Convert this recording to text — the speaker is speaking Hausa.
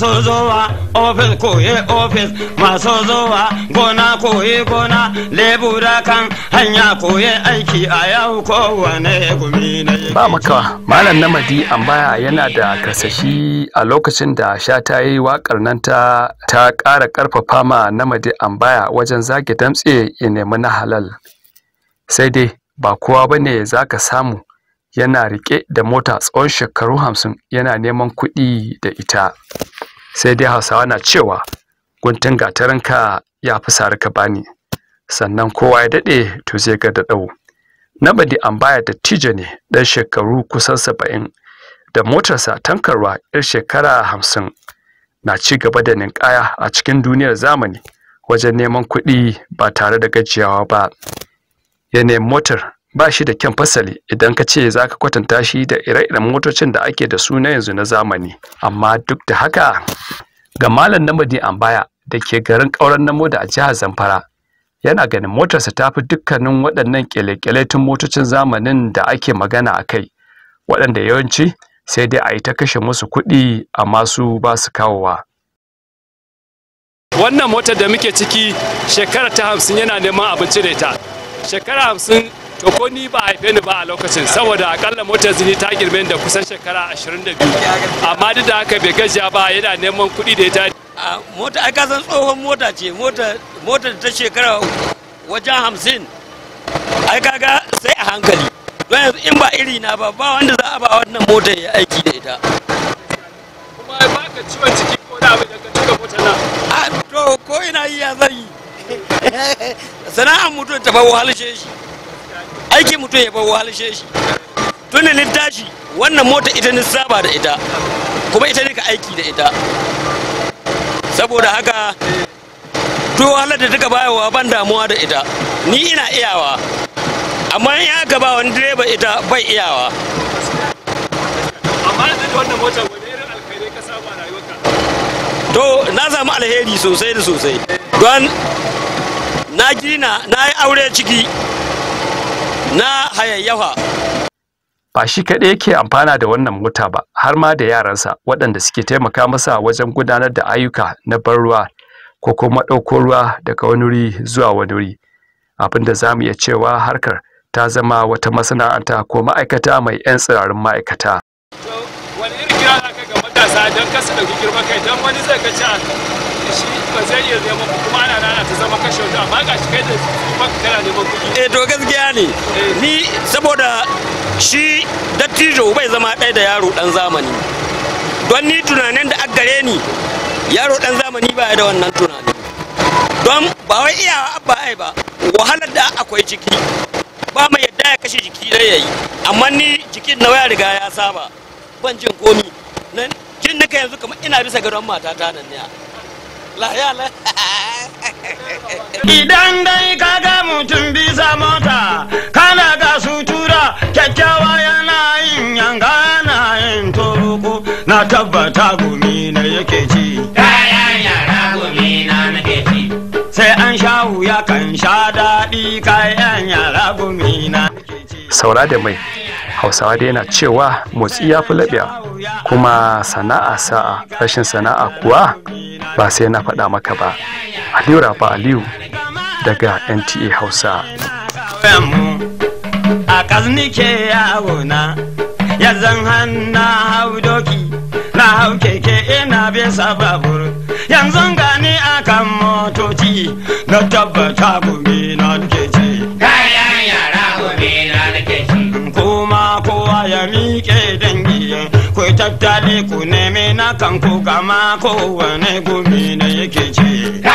masu zuwa ofis koye ofis masu zuwa gona koye gona lebura kan hanya koye aiki a yau kowane gumi na ba maka malam namadi baya yana da kasashi a lokacin da sha ta yi wakar nan ta ta ƙara ƙarfafa ma namadi baya wajen zage damtse ya nemi na halal sai dai ba kowa ba ne za ka samu yana riƙe da mota tsawon shekaru hamsin yana neman kuɗi da ita sai dai hausawa na cewa guntun gatarin ka ya fi sari ka bani sannan kowa ya daɗe to zai ga da ɗau na an baya da tijo ne ɗan shekaru kusan saba'in da motarsa tankarwa yar shekara hamsin na ci gaba da ninkaya a cikin duniyar zamani wajen neman kuɗi ba tare da gajiyawa ba Ya nemi motar ba shi da kyan fasali idan ka ce za ka kwatanta shi da ire-iren motocin da ake da su na yanzu na zamani amma duk da haka ga malam namadi ambaya da ke garin ƙauren namo da a jihar zamfara yana ganin motarsa ta fi dukkanin waɗannan ƙyale-ƙyale tun motocin zamanin da ake magana a kai waɗanda yawanci sai dai a yi ta kashe musu kuɗi amma su ba su kawowa wannan motar da muke ciki shekara ta hamsin yana neman abinci da ita shekara hamsin to ko ni ba haife ni ba a lokacin saboda akalla motar zini ta girme da kusan shekara 22 amma duk da haka bai gajiya ba yana neman kuɗi da ita a mota ai kasan tsohon mota ce mota mota ta shekara wajen hamsin ai kaga sai a hankali don yanzu in ba iri na ba ba wanda za a ba wannan mota ya aiki da ita kuma ba ka ciwon ciki ko da abin da ka cika mota na a to ko ina yi ya zai Sana'a mutum ta fa wahalshe shi aiki mutum ya bar wahalshe shi tun ni tashi wannan mota ita ni saba da ita kuma ita ne ka aiki da ita saboda haka to wahalar da duka bayawa ban damuwa da ita ni ina iyawa amma in ya gaba wani direba ita bai iyawa amma da wannan mota wani irin alkhairai ka saba rayuwarka to na samu alheri sosai da sosai don na gina na yi aure ciki na hayayyafa ba shi kaɗai yake amfana da wannan mota ba har ma da yaransa waɗanda suke taimaka masa wajen gudanar da ayyuka na ban ruwa ko kuma ɗauko ruwa daga wani wuri zuwa wani wuri abinda za mu iya cewa harkar ta zama wata masana'anta ko ma'aikata mai 'yan tsirarin ma'aikata. wani irin kira za ka ga matasa don kasa da girma kai don wani zai ka ci da shi ba zai iya neman kuma ana nana ta zama kashe wuta amma ga shi kai da kuma kana neman kuɗi eh to gaskiya ne ni saboda shi dattijo bai zama ɗaya da yaro ɗan zamani don ni tunanin da aggare ni yaro ɗan zamani ba da wannan tunani don ba wai iyawa abba ai ba wahalar da akwai ciki ba mai yadda ya kashe jiki dai yayi amma ni jikin na waya riga ya saba ban jin komi nan jin nika yanzu kamar ina bisa gadon matata nan ne Idan dai ka ga mutum bisa mota, kana ga sutura kyakkyawa yana yin yanga na yin toroko na tabbata gumi na yake ci. Kayan yara gumi na nake ci. Sai an sha wuya kan sha daɗi kayan yara gumi na Saura da mai, Hausawa dai yana cewa motsi ya fi laɓiya, kuma sana'a sa'a, rashin sana'a kuwa ba sai na faɗa maka ba aliyu rafa aliyu daga nta hausa a kaznike yawona yanzan hannu hau doki na hau keke ina bisa babur yanzu gani akan motoci na tabbata gumi na nake kayan yara gumi na nake kuma kowa ya miƙe dangi ku tattali ku neme na kan ko ko wane gumi ne yake ce.